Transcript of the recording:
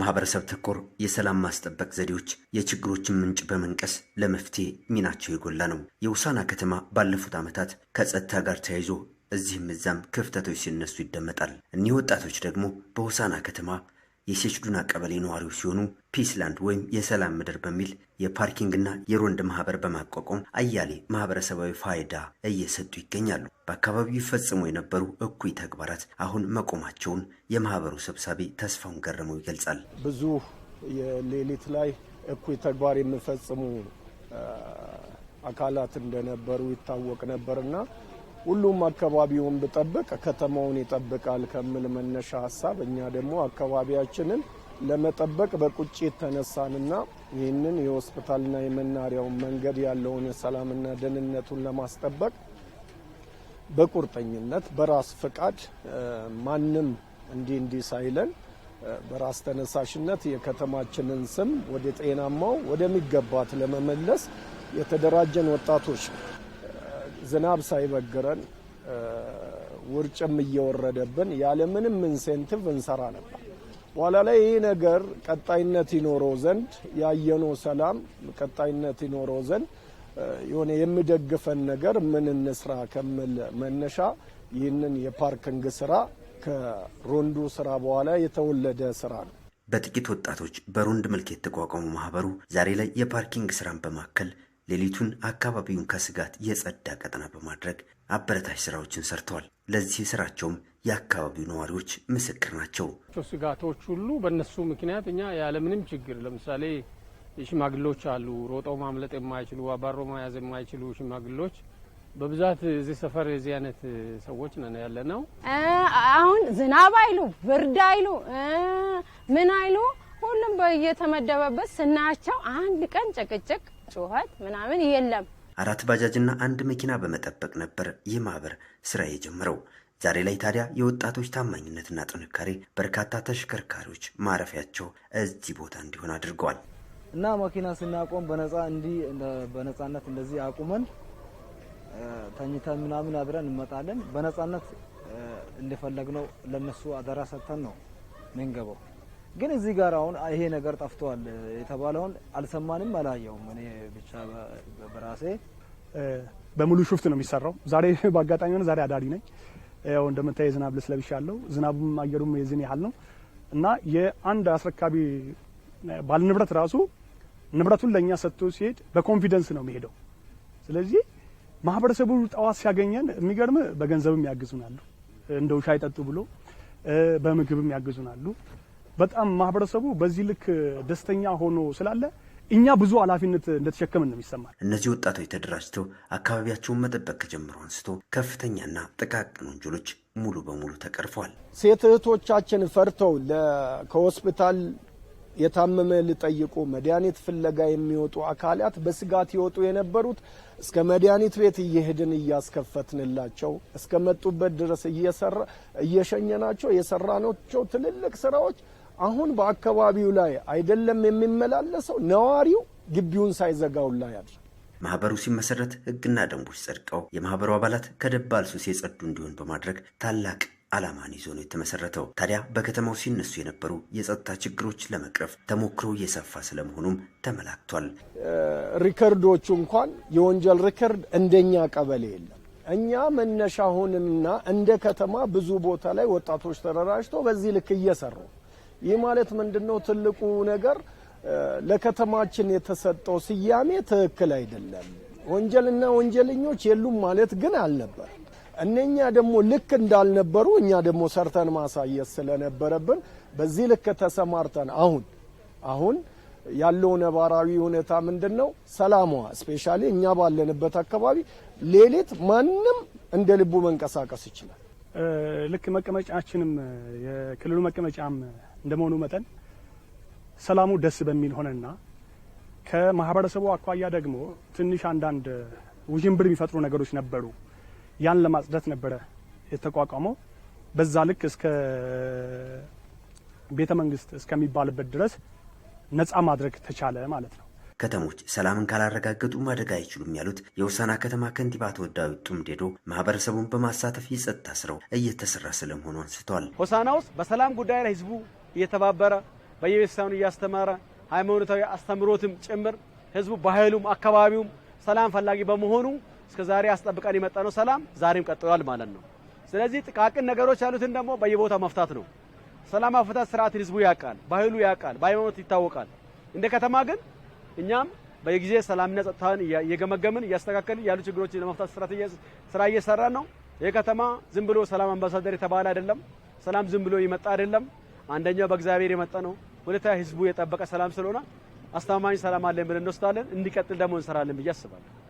ማህበረሰብ ተኮር የሰላም ማስጠበቅ ዘዴዎች የችግሮችን ምንጭ በመንቀስ ለመፍትሄ ሚናቸው የጎላ ነው። የውሳና ከተማ ባለፉት ዓመታት ከጸጥታ ጋር ተያይዞ እዚህም እዛም ክፍተቶች ሲነሱ ይደመጣል። እኒህ ወጣቶች ደግሞ በውሳና ከተማ የሴችዱና ቀበሌ ነዋሪዎች ሲሆኑ ፒስላንድ ወይም የሰላም ምድር በሚል የፓርኪንግና የሮንድ ማህበር በማቋቋም አያሌ ማህበረሰባዊ ፋይዳ እየሰጡ ይገኛሉ። በአካባቢው ይፈጽሙ የነበሩ እኩይ ተግባራት አሁን መቆማቸውን የማህበሩ ሰብሳቢ ተስፋውን ገረመው ይገልጻል። ብዙ የሌሊት ላይ እኩይ ተግባር የሚፈጽሙ አካላት እንደነበሩ ይታወቅ ነበርና ሁሉም አካባቢውን ብጠብቅ ከተማውን ይጠብቃል ከሚል መነሻ ሀሳብ እኛ ደግሞ አካባቢያችንን ለመጠበቅ በቁጭት ተነሳንና ይህንን የሆስፒታልና የመናሪያውን መንገድ ያለውን የሰላምና ደህንነቱን ለማስጠበቅ በቁርጠኝነት በራስ ፍቃድ ማንም እንዲህ እንዲህ ሳይለን በራስ ተነሳሽነት የከተማችንን ስም ወደ ጤናማው ወደሚገባት ለመመለስ የተደራጀን ወጣቶች ዝናብ ሳይበግረን ውርጭም እየወረደብን ያለምንም ኢንሴንቲቭ እንሰራ ነበር። በኋላ ላይ ይህ ነገር ቀጣይነት ይኖረው ዘንድ ያየነው ሰላም ቀጣይነት ይኖረው ዘንድ የሆነ የሚደግፈን ነገር ምን እንስራ ከሚል መነሻ ይህንን የፓርኪንግ ስራ ከሮንዱ ስራ በኋላ የተወለደ ስራ ነው። በጥቂት ወጣቶች በሮንድ መልክ የተቋቋመው ማህበሩ ዛሬ ላይ የፓርኪንግ ስራን በማከል ሌሊቱን አካባቢውን ከስጋት የጸዳ ቀጠና በማድረግ አበረታች ስራዎችን ሰርተዋል። ለዚህ ስራቸውም የአካባቢው ነዋሪዎች ምስክር ናቸው። ስጋቶች ሁሉ በእነሱ ምክንያት እኛ ያለምንም ችግር ለምሳሌ ሽማግሎች አሉ፣ ሮጠው ማምለጥ የማይችሉ አባሮ መያዝ የማይችሉ ሽማግሎች በብዛት እዚህ ሰፈር የዚህ አይነት ሰዎች ነን ያለ ነው። አሁን ዝናብ አይሉ ብርድ አይሉ ምን አይሉ ሁሉም በየተመደበበት ስናያቸው አንድ ቀን ጭቅጭቅ አምጥታችኋት ምናምን የለም። አራት ባጃጅና አንድ መኪና በመጠበቅ ነበር ይህ ማህበር ስራ የጀመረው። ዛሬ ላይ ታዲያ የወጣቶች ታማኝነትና ጥንካሬ በርካታ ተሽከርካሪዎች ማረፊያቸው እዚህ ቦታ እንዲሆን አድርገዋል እና መኪና ስናቆም በነፃ እንዲህ በነፃነት እንደዚህ አቁመን ተኝተን ምናምን አድረን እንመጣለን። በነፃነት እንደፈለግነው ለነሱ አደራ ሰጥተን ነው ምንገባው። ግን እዚህ ጋር አሁን ይሄ ነገር ጠፍቷል የተባለውን አልሰማንም፣ አላየውም። እኔ ብቻ በራሴ በሙሉ ሹፍት ነው የሚሰራው። ዛሬ በአጋጣሚ ሆነ ዛሬ አዳሪ ነኝ። ያው እንደምታይ ዝናብ ልብስ አለው ዝናቡም አየሩም የዚህን ያህል ነው እና የአንድ አስረካቢ ባለ ንብረት ራሱ ንብረቱን ለእኛ ሰጥቶ ሲሄድ በኮንፊደንስ ነው የሚሄደው። ስለዚህ ማህበረሰቡ ጠዋት ሲያገኘን የሚገርም በገንዘብም ያግዙናሉ፣ እንደ ውሻ አይጠጡ ብሎ በምግብም ያግዙናሉ። በጣም ማህበረሰቡ በዚህ ልክ ደስተኛ ሆኖ ስላለ እኛ ብዙ ኃላፊነት እንደተሸከም ነው የሚሰማል። እነዚህ ወጣቶች ተደራጅተው አካባቢያቸውን መጠበቅ ከጀምሮ አንስቶ ከፍተኛና ጥቃቅን ወንጀሎች ሙሉ በሙሉ ተቀርፈዋል። ሴት እህቶቻችን ፈርተው ከሆስፒታል የታመመ ሊጠይቁ መድኃኒት ፍለጋ የሚወጡ አካላት በስጋት ይወጡ የነበሩት እስከ መድኃኒት ቤት እየሄድን እያስከፈትንላቸው እስከ መጡበት ድረስ እየሸኘናቸው የሰራናቸው ትልልቅ ስራዎች አሁን በአካባቢው ላይ አይደለም የሚመላለሰው ነዋሪው ግቢውን ሳይዘጋውላ ያድር። ማህበሩ ሲመሰረት ህግና ደንቦች ጸድቀው የማህበሩ አባላት ከደባል ሱስ የጸዱ እንዲሆን በማድረግ ታላቅ ዓላማን ይዞ ነው የተመሰረተው። ታዲያ በከተማው ሲነሱ የነበሩ የጸጥታ ችግሮች ለመቅረፍ ተሞክሮ እየሰፋ ስለመሆኑም ተመላክቷል። ሪከርዶቹ እንኳን የወንጀል ሪከርድ እንደኛ ቀበሌ የለም። እኛ መነሻ ሁንና እንደ ከተማ ብዙ ቦታ ላይ ወጣቶች ተደራጅተው በዚህ ልክ እየሰሩ ይህ ማለት ምንድነው? ትልቁ ነገር ለከተማችን የተሰጠው ስያሜ ትክክል አይደለም። ወንጀልና ወንጀለኞች የሉም ማለት ግን አልነበር። እነኛ ደግሞ ልክ እንዳልነበሩ እኛ ደግሞ ሰርተን ማሳየት ስለነበረብን በዚህ ልክ ተሰማርተን አሁን አሁን ያለው ነባራዊ ሁኔታ ምንድን ነው? ሰላሟ ስፔሻሊ እኛ ባለንበት አካባቢ ሌሊት ማንም እንደ ልቡ መንቀሳቀስ ይችላል። ልክ መቀመጫችንም የክልሉ መቀመጫም እንደመሆኑ መጠን ሰላሙ ደስ በሚል ሆነና ከማህበረሰቡ አኳያ ደግሞ ትንሽ አንዳንድ ውዥንብር የሚፈጥሩ ነገሮች ነበሩ። ያን ለማጽደት ነበረ የተቋቋመው። በዛ ልክ እስከ ቤተ መንግስት እስከሚባልበት ድረስ ነጻ ማድረግ ተቻለ ማለት ነው። ከተሞች ሰላምን ካላረጋገጡ ማደግ አይችሉም ያሉት የውሳና ከተማ ከንቲባ ተወዳዊ ጡምዴዶ ማህበረሰቡን በማሳተፍ የጸጥታ ስራው እየተሰራ ስለመሆኑ አንስተዋል። ሆሳና ውስጥ በሰላም ጉዳይ ላይ ህዝቡ እየተባበረ በየቤተሰቡን እያስተማረ ሃይማኖታዊ አስተምሮትም ጭምር ህዝቡ ባህሉም አካባቢውም ሰላም ፈላጊ በመሆኑ እስከ ዛሬ አስጠብቀን ነው። ሰላም ዛሬም ቀጥሏል ማለት ነው። ስለዚህ ጥቃቅን ነገሮች ያሉትን ደግሞ በየቦታው መፍታት ነው። ሰላም አፈታት ስርዓትን ህዝቡ ያውቃል፣ ባህሉ ያውቃል፣ በሃይማኖት ይታወቃል። እንደ ከተማ ግን እኛም በየጊዜ ሰላምና ጸጥታን እየገመገምን እያስተካከልን ያሉ ችግሮችን ለመፍታት ስራ እየሰራን ነው። ይህ ከተማ ዝም ብሎ ሰላም አምባሳደር የተባለ አይደለም። ሰላም ዝም ብሎ ይመጣ አይደለም። አንደኛው በእግዚአብሔር የመጣ ነው። ሁለታ ህዝቡ የጠበቀ ሰላም ስለሆነ አስተማማኝ ሰላም አለን ብለን እንወስዳለን። እንዲቀጥል ደግሞ እንሰራለን ብዬ አስባለሁ።